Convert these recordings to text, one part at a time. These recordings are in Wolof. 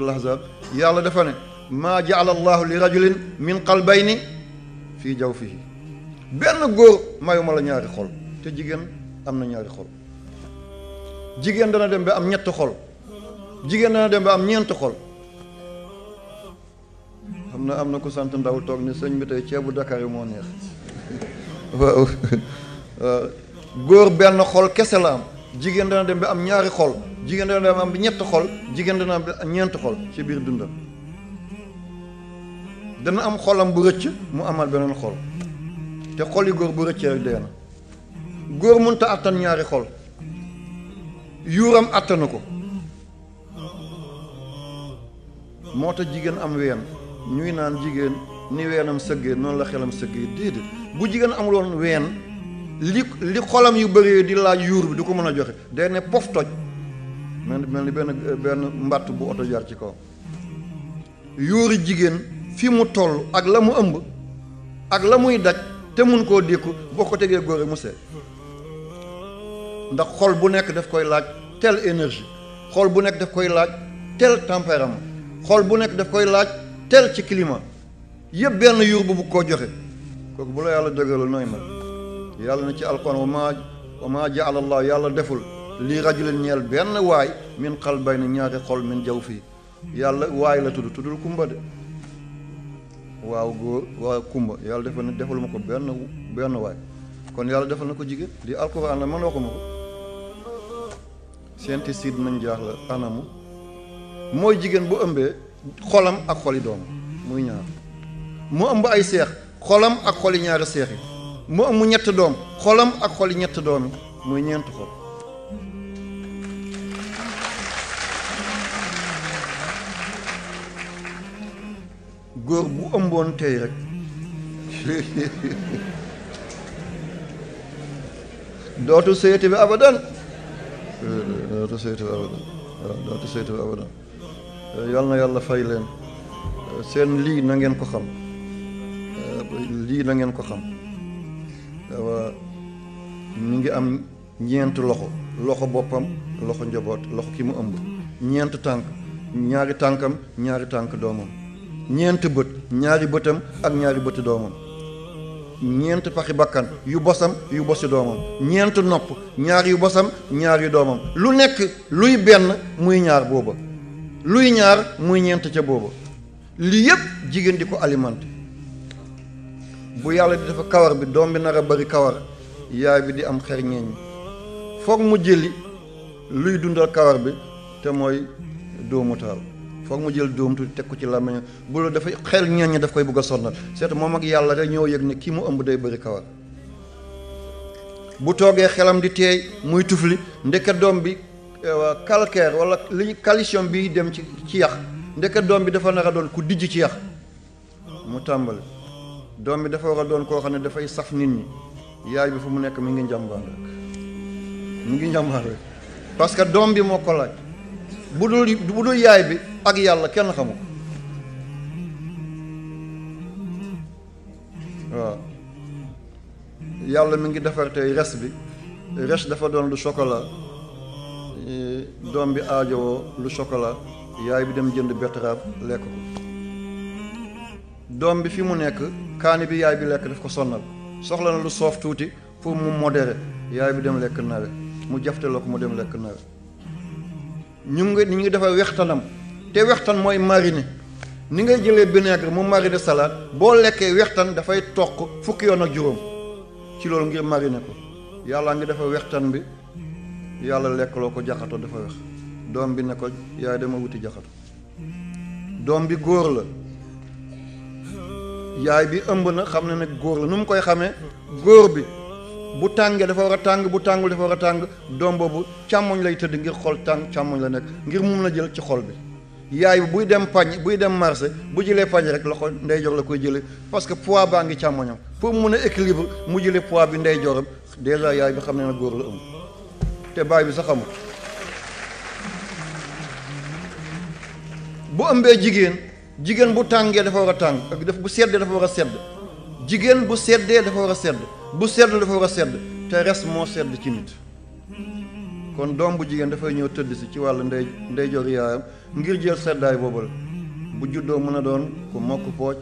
suratul ahzab yàlla defa ne maa jaala allahu li rajulin min qalbayni fii jawfihi benn góor mayuma la ñaari xol te jigéen am na ñaari xol jigéen dana dem ba am ñetti xol jigéen dana dem ba am ñeenti xol xam na am na ku sant ndaw toog ni sëñ bi tey ceebu Dakar yi moo neex góor benn xol kese la am jigéen dana dem ba am ñaari xol jigéen dana dem am ñett xol jigéen dana am ñeent xol ci biir dundam dana am xolam bu rëcc mu amal beneen xol te xol yi góor bu rëccee dee na góor mënta attan ñaari xol yuuram attanu ko moo tax jigéen am ween ñuy naan jigéen ni weenam sëggee noonu la xelam sëggee déedéet bu jigéen amuloon ween li li xolam yu bëree di laaj yuur bi du ko mën a joxe day ne pof toj mel mel ni benn benn mbàtt bu oto jaar ci kaw yuuri jigéen fi mu toll ak la mu ëmb ak la muy daj te mun koo dékku boo ko tegee góore mu seet ndax xol bu nekk daf koy laaj tel énergie xol bu nekk daf koy laaj tel tempérament xol bu nekk daf koy laaj tel ci climat yëpp benn yuur bu bu koo joxe kooku bu la yàlla dëgëral nooy mel yàlla na ci alquran wa maa wa maa jaalallaahu yàlla deful lii rajulin ñeel benn waay min qalbayni ñaari xol min jaw fii yàlla waay la tudd tuddul kumba de waaw góor waaw kumba yàlla defal na defal ma ko benn benn waay kon yàlla defal na ko jigéen di alquran la man waxuma ko scientifique nañ jaax la anamu mooy jigéen bu ëmbee xolam ak xoli doom muy ñaar mu ëmb ay seex xolam ak xoli ñaari seex yi mu amu ñett doom xolam ak xoli ñett doom yi muy ñeent xol góor bu ëmboon tey rek dootu seeti bi abadan dootu seeti bi bi abadan yal na yàlla fay leen seen lii na ngeen ko xam lii na ngeen ko xam mu ngi am ñeent loxo loxo boppam loxo njaboot loxo ki mu ëmb ñeent tànk ñaari tànkam ñaari tànk doomam ñeent bët ñaari bëtam ak ñaari bëti doomam ñeent paxi bakkan yu bosam yu bosi doomam ñeent nopp ñaar yu bosam ñaar yu doomam lu nekk luy benn muy ñaar booba luy ñaar muy ñeent ca booba lii yépp jigéen di ko alimenté bu yàlla di dafa kawar bi doom bi nar a bari kawar yaay bi di am xel ñeeñ foog mu jëli luy dundal kawar bi te mooy doomu taal foog mu jël doom tuuti teg ko ci làmmiñ bu la dafa xel ñeeñ daf koy bëgg a sonnal seet moo mag yàlla rek ñoo yëg ne kii mu ëmb day bari kawar bu toogee xelam di teey muy tufli ndeke doom bi euh, calcaire wala li calcium bi dem ci ci yax ndeke doom bi dafa nar a doon ku dijj ci yax mu tàmbali doom bi dafa war a doon koo xam ne dafay saf nit ñi yaay bi fu mu nekk mi ngi njàmbaar rek mi ngi njàmbaar rek parce que doom bi moo ko laaj bu dul bu dul yaay bi ak yàlla kenn xamu ko waaw yàlla mi ngi defar tey res bi res dafa doon lu chocolat doom bi aajowoo lu chocolat yaay bi dem jënd betterave lekk doom bi fi mu nekk kaani bi yaay bi lekk daf ko sonnal soxla na lu soof tuuti pour mu modéré yaay bi dem lekk nawe mu jafteloo ko mu dem lekk nawe ñu ngi ñu ngi defar wextanam te wextan mooy mariner ni ngay jëlee vinaigre mu mariner salaat boo lekkee wextan dafay toq fukki yoon ak juróom ci loolu ngir mariner ko yàlla ngi dafa wextan bi yàlla lekkaloo ko jaxato dafa wex doom bi ne ko yaay dama wuti jaxato doom bi góor la yaay bi ëmb na xam na nag góor la nu mu koy xamee góor bi bu tàngee dafa war a tàng bu tàngul dafa war a tàng doom boobu càmmoñ lay tëdd ngir xol tàng càmmoñ la nekk ngir mu mun jël ci xol bi yaay bi buy dem pañ buy dem marché bu jëlee pañ rek loxo ndeyjoor la koy jëlee parce que poids baa ngi càmmoñam pour mun a équilibre mu jëlee pois bi ndeyjooram déjà yaay bi xam ne na góor la ëmb te baay bi sax xamul bu ëmbee jigéen jigéen bu tàngee dafa war a tàng ak daf bu seddee dafa war a sedd jigéen bu seddee dafa war a sedd bu sedd dafa a sedd te res moo sedd ci nit kon doom bu jigéen dafay ñëw tëdd si ci wàllu ndey ndeyjoor yaayam ngir jël seddaay boobu la bu juddoo mën a doon ku mokk pooc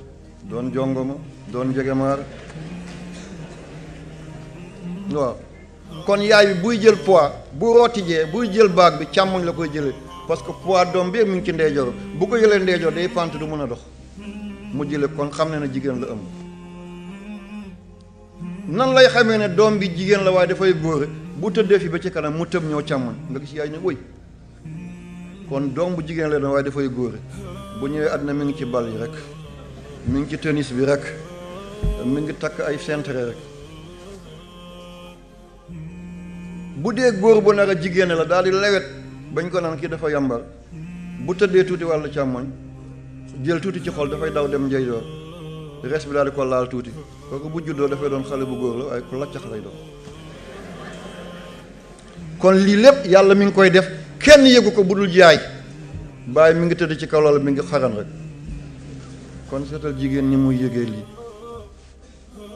doon jongoma doon jegemaar waaw kon yaay bi buy jël poids bu rootijee buy jël baag bi càmmoñ la koy jëlee parce que poids doom bi mu ngi ci ndeyjoor bu ko yëlee ndeyjoor day pant du mën a dox mu jële kon xam ne na jigéen la ëmb nan lay xamee ne doom bi jigéen la waaye dafay góor bu tëddee fi ba ci kanam mu tëb ñëw càmmoñ nga gis yaay ne wëy kon doom bu jigéen la doon waaye dafay góor bu ñëwee àddina mi ngi ci bal yi rek mi ngi ci tennis bi rek mi ngi takk ay centre rek bu dee góor bu nar a jigéen la daal di lewet bañ ko naan kii dafa yàmbar bu tëddee tuuti wàllu càmmoñ jël tuuti ci xol dafay daw dem njeyjoor res bi daal di ko laal tuuti kooku bu juddoo dafay doon xale bu góor la waaye ku laccax lay doon kon lii lépp yàlla mi ngi koy def kenn yëgu ko bu dul jaay bàyyi mi ngi tëdd ci kaw lal mi ngi xaran rek kon seetal jigéen ñi muy yëgee lii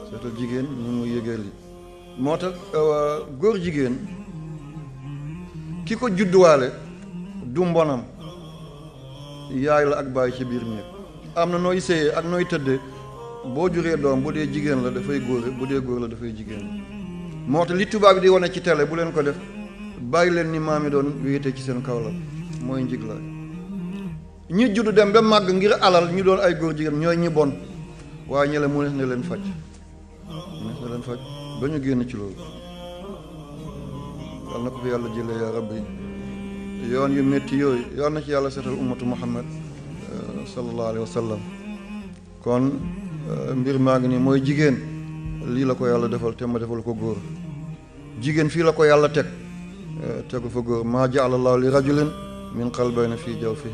seetal jigéen ñi muy yëgee lii moo tax euh, góor jigéen ki ko judduwaale du mbonam yaay la ak bàyyi ci biir néeg am na nooy séyee ak nooy tëdde boo juree doom bu dee jigéen la dafay góore bu dee góor la dafay jigéen moo tax li tubaab bi di wane ci télé bu leen ko def bàyyi leen ni maam yi doon wéete ci seen kaw la mooy njiglaay ñi judd dem ba màgg ngir alal ñu doon ay góor jigéen ñooy ñi bon waaye ñele mu neex ne leen faj mu neex ne leen faj ba ñu génn ci loolu yàlla na ko fi yàlla jëlee yaa rabbi yoon yu métti yooyu yàlla na ci yàlla seetal ummatu muhammad eh, sallallahu alayhi wa sallam kon eh, mbir maa ngi nii mooy jigéen lii la ko yàlla defal te ma defal ko góor jigéen fii la ko yàlla teg eh, tegu fa góor maa jaala allahu li rajulin min qalbayni fii jawfihi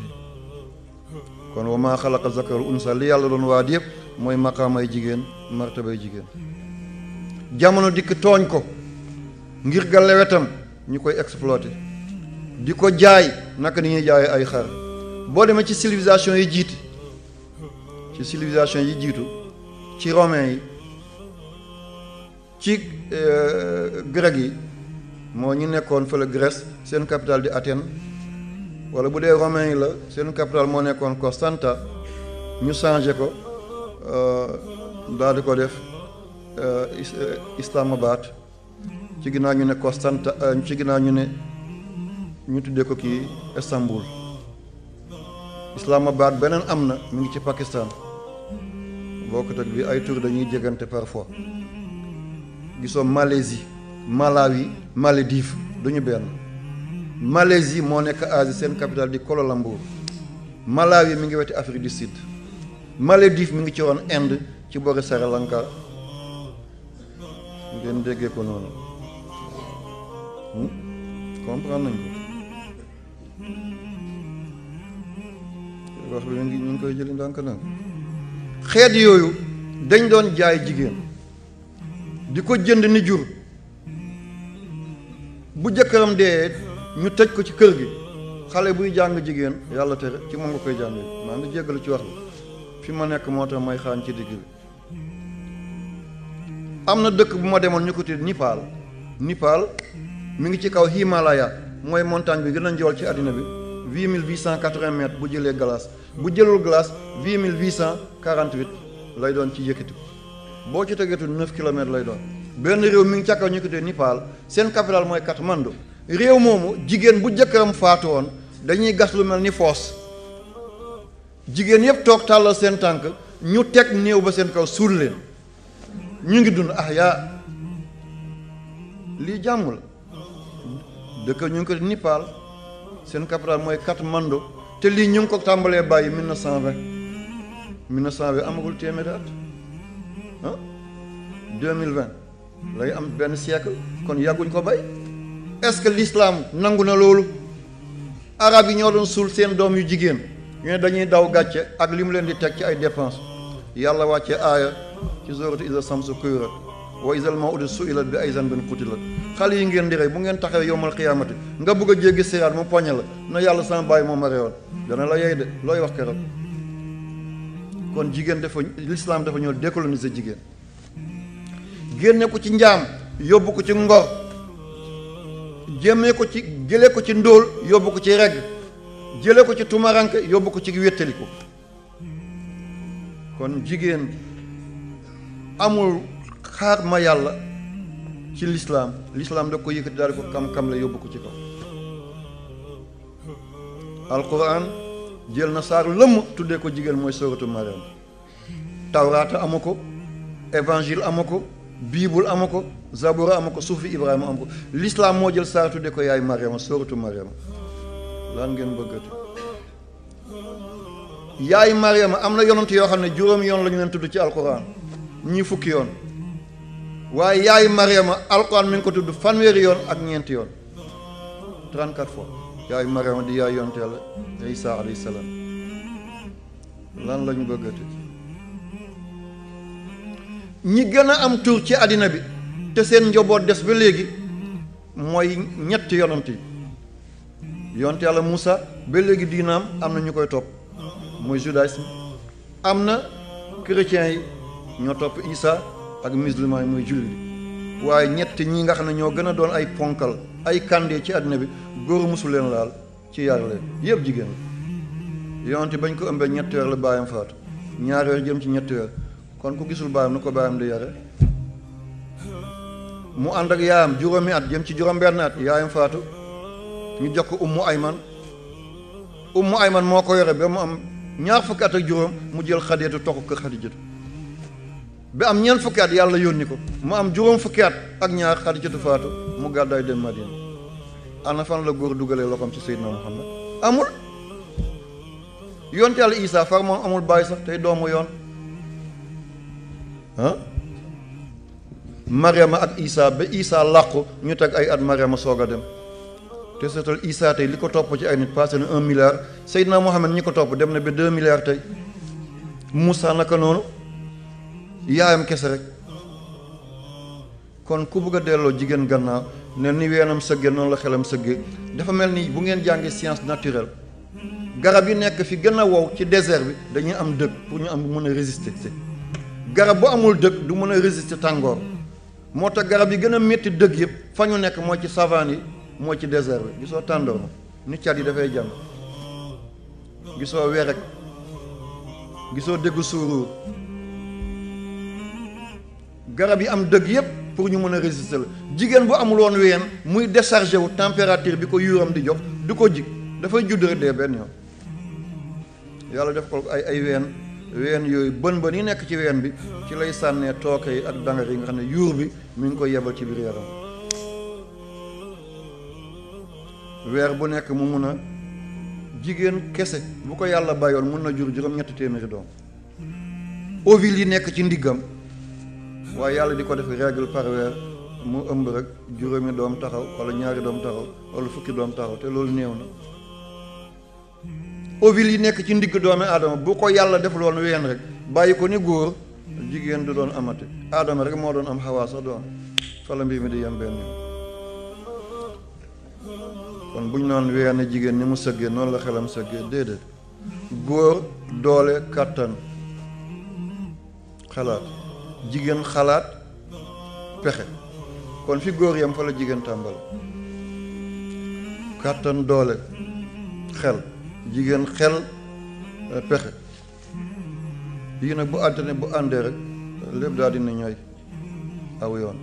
kon wa maa xalaqa zakar unsa li yàlla doon waat yëpp mooy maqaamay jigéen martabay jigéen jamono dikk tooñ ko ngir ga lewetam ñu koy exploiter di ko jaay naka ni ñuy jaay ay xar boo demee ci civilisation yi jiit ci civilisation yi jiitu ci romain yi ci euh, grec yi moo ñu nekkoon fële Grèce seen capital di Athènes wala bu dee romain yi la seen capital moo nekkoon ko santa ñu changé ko euh, daal di ko def euh, Islamabad ci ginnaaw ñu ne Constant euh, ci ginnaaw ñu ne ñu tuddee ko kii Istanbul Islamabad beneen am na mu ngi ci Pakistan bokkut bi ay tur dañuy jégante parfois gisoo Malaisie Malawi Maldives duñu ñu benn Malaisie moo nekk Asie seen capitale di Kuala Lumpur Malawi mi ngi weti Afrique du Sud Maldives mu ngi ci woon Inde ci boori Sri ngeen déggee ko noonu Hmm? comprendre nañ ko wax bi ñu ñu koy jëli ndànk ndànk xeet yooyu dañ doon jaay jigéen di ko jënd ni jur bu jëkkëram dee ñu tëj ko ci kër gi xale buy jàng jigéen yàlla tere ci moom nga koy jàngee maa ngi jéggalu ci wax bi fi ma nekk moo tax may xaañ ci digg bi am na dëkk bu ma demoon ñu ko tudd Nipal Nipal mi ngi ci kaw Himalaya mooy montagne bi gën a njool ci àddina bi huit mille huit cent quatre-vingts bu jëlee glace bu jëlul glace huit mille huit cent quarante lay doon ci yëkkati boo ci tegeetu neuf kilomètres lay doon benn réew mi ngi ca kaw ñu ko tuddee Nipal seen capitale mooy Katmandu réew moomu jigéen bu jëkkëram faatu woon dañuy gas lu mel ni foos jigéen yëpp toog tàllal seen tànk ñu teg néew ba seen kaw suur leen ñu ngi dund ah li lii dëkk ñu ngi ko Nipal seen capital mooy Katmandou te lii ñu ngi ko tàmbalee bàyyi 1920 1920 amagul téeméeri at ah 2020 lay am benn siècle kon yàgguñ ko bay est-ce que l'islam nangu na loolu arab yi ñoo doon suul seen doom yu jigéen ñu dañuy daw gàcce ak li mu leen di teg ci ay dépenses yàlla wàcce aaya ci sourate Iza Samsu Kuwirat wa isal ay suilat bi ay zanbin qutilat xale yi ngeen di rey bu ngeen taxawee yowmal xiyaamati nga bëgg a jéggi siraat mu poñe la na yàlla sama bàyyi moom a rewoon dana la yey de looy wax keroog kon jigéen dafa l'islam dafa ñëw décoloniser jigéen génne ko ci njaam yóbbu ko ci ngor jémmee ko ci jëlee ko ci ndóol yóbbu ko ci regg jëlee ko ci tumaranke yóbbu ko ci wéttaliku kon jigéen amul xaar ma yàlla ci lislaam lislaam da ko yëkkati daal ko kam-kam la yóbbu ko ci kaw alquran jël na saar lëmm tuddee ko jigéen mooy sóoratu Mariam tawraata ama ko évangile ama ko biibul ama ko zabura ama ko suufi ibrahima ama lislaam moo jël saar tuddee ko yaay Mariama sóoratu Mariama lan ngeen bëggati yaay Mariama am na yonent yoo xam ne juróom yoon lañu ñu leen tudd ci alquran ñii fukki yoon waaye yaay Mariama alquran mi ngi ko tudd fanweeri yoon ak ñeenti yoon 34 fois yaay Mariama di yaay yonte yàlla Isa alayhi salaam lan la bëggati ñi gën a am tur ci àddina bi te seen njaboot des ba léegi mooy ñetti yonant yi yonte yàlla Moussa ba léegi diinaam am na ñu koy topp mooy judaïsme am na chrétiens yi ñoo topp Isa ak musulman yi muy jullit waaye ñett ñi nga xam ne ñoo gën a doon ay ponkal ay kàndee ci àddina bi góor musu leen laal ci yar leen yëpp jigéen la yonte bañ ko ëmbee ñetti weer la baayam faatu ñaar weer jëm ci ñetti kon ku gisul baayam na ko baayam di yare mu ànd ak yaayam juróomi at ci juróom-benn at yaayam faatu ñu jox ko ummu ayman ummu ayman moo ko yore ba mu am ñaar fukki at ak juróom mu jël xadeetu toxu ko xadijatu bi am ñeent fukki at yàlla yónni ko mu am juróom fukki at ak ñaar xadijatu faatu mu gàddaay dem Madina ana fan la góor dugalee loxoom ci Seydina Muhammad amul yoon te yàlla Isaa far moom amul bàyyi sax tey doomu yoon ah Mariama ak Isaa ba Isaa làqu ñu teg ay at Mariama soog a dem te seetal Isaa tey li ko topp ci ay nit passé na un milliard Seydina Muhammad ñi ko topp dem na ba deux milliards tey Moussa naka noonu yaayam kese rek kon ku bëgg a delloo jigéen gannaaw ne ni weenam sëgge noonu la xelam sëgge dafa mel ni bu ngeen jàngee science naturelle garab yi nekk fi gën a wow ci désert bi dañuy am dëkk pour ñu am mën a résister garab bu amul dëkk du mën a résister tàngoor moo tax garab yi gën a métti dëkk yëpp fa ñu nekk mooy ci savane yi mooy ci désert bi gisoo tàndoor na ni cat yi dafay jàng gisoo werek gisoo déggu suuruur garab yi am dëgg yépp pour ñu mën a résister la jigéen bu amuloon woon ween muy déchargé wu température bi ko yuuram di jox du ko jig dafay judd rek dee benn yoon yàlla def ko ay ay ween ween yooyu bën bën yi nekk ci ween bi ci lay sànnee tooke yi ak dangar yi nga xam ne yuur bi mu ngi koy yebal ci biir yaram weer bu nekk mu mun a jigéen kese bu ko yàlla bayoon mun na jur juróom-ñetti téeméeri doom ovule yi nekk ci ndiggam waaye yàlla di ko def règle par mu ëmb rek juróomi doom taxaw wala ñaari doom taxaw wala fukki doom taxaw te loolu néew na ovule yi nekk ci ndigg doomi aadama bu ko yàlla def loon ween rek bàyyi ko ni góor jigéen du doon amati aadama rek moo doon am xawaa sax doon fala mbir mi di yem benn kon bu ñu ween jigéen ni mu sëggee noonu la xelam sëggee déedéet góor doole kàttan xalaat jigéen xalaat pexe kon fi góor yam fa la jigéen tàmbal kàttan doole xel jigéen xel euh, pexe yii nag bu àttane bu àndee rek lépp daadina dina ñooy aw yoon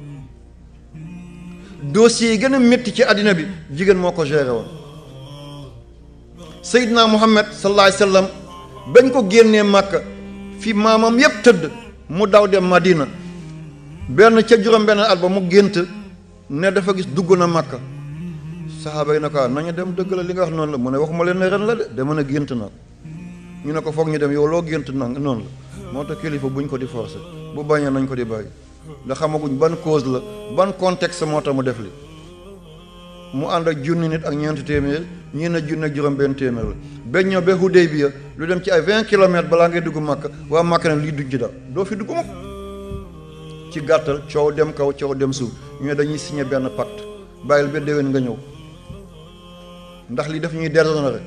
dossier yi gën a métti ci àddina bi jigéen moo ko géré woon naa Muhammad sallallahu alayhi wa bañ ko génnee Màkka fi maamam yépp tëdd mu daw dem Madina benn ca juróom-benn at ba mu gént ne dafa gis dugg na Makka saxaaba yi na ko ah, nañu dem dëgg la li nga wax noonu la mu ne waxuma leen ne ren la de dama ne gént nag ñu ne ko foog ñu dem yow loo gént na noonu la moo tax kilifa bu buñ ko di forcer bu bañee nañ ko di bàyyi ndax xamaguñ ban cause la ban contexte moo tax mu def li mu ànd ak junni nit ak ñeenti téeméer ñii na junni ak juróom-benn téeméer la benn ñëw ba Hudaybiya lu dem ci ay vingt kilomètres balaa ngay dugg Makka waa Makka ne lii duñ ci doo fi dugg mukk ci gàttal coow dem kaw coow dem suuf ñu ne dañuy signé benn pacte bàyyil ba déwén nga ñëw ndax li daf ñuy déshonoré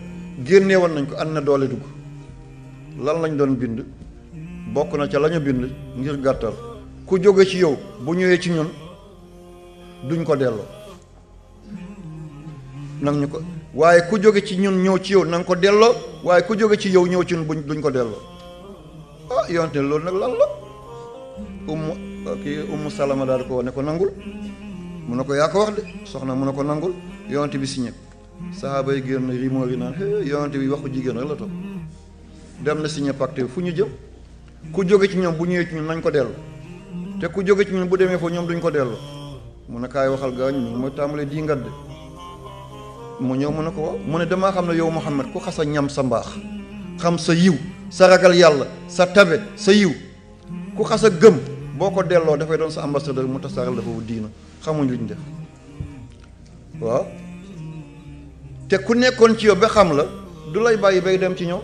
génnee woon nañ ko ànd na doole dugg lan lañ doon bind bokk na ca la bind ngir gàttal ku jóge ci yow bu ñëwee ci ñun duñ ko delloo. nag ñu ko waaye ku jóge ci ñun ñëw ci yow na ko delloo waaye ku jóge ci yow ñëw ci ñun buñ duñ ko delloo ah loolu nag lan la ummu kii ummu daal ko ne ko nangul mu ko yaa ko wax de soxna mu ne ko nangul yonte bi si ñëpp sahaaba yi génn rimoori naan é yonte bi waxu jigéen rek la topp dem na signé pacte fu ñu jëm ku jóge ci ñoom bu ñëwee nañ ko dellu te ku jóge ci ñun bu demee foofu ñoom duñ ko dellu mun ne kaay waxal gaañ ñu mooy tàmbalee di ngat de mu ñëw mu ne ko mu ne damaa xam ne yow Muhammad ku xas a ñam sa mbaax xam sa yiw sa ragal yàlla sa tabe sa yiw ku xas a gëm boo ko delloo dafay doon sa ambassadeur mu tasaaral la foofu diina xamuñ lu ñu def waaw te ku nekkoon ci yow ba xam la du lay bàyyi bay dem ci ñëw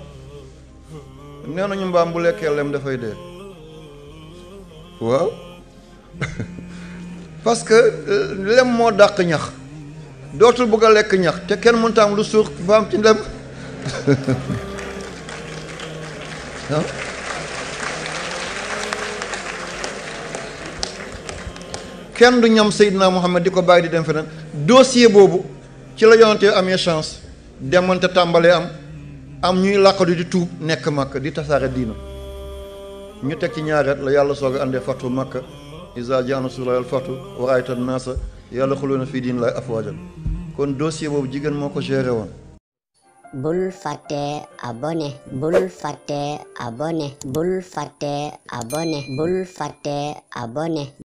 nee nañu mbaam bu lekkee lem dafay dee waaw parce que euh, lem moo dàq ñax dootul bëgg a lekk ñax te kenn mënta am lu suux fa am ci ndem kenn du ñam Seydina Muhammad di ko bàyyi di dem feneen dossier boobu ci la yonante amee chance demante tàmbalee am am ñuy làqatu di tuub nekk màkk di tasaare diina ñu teg ci ñaareet la yàlla soog a àndee fatu Makka izaa jaa nasrullaahi wal fathu wa raaytan naasa yàlla xuloo na fii diin laay afwaajan kon dossier boobu jigéen moo ko géré woon. bul fàtte abonné bul fàtte abonné bul fàtte abonné bul fàtte abonné